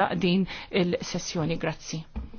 ta' din il-sessjoni. Grazzi.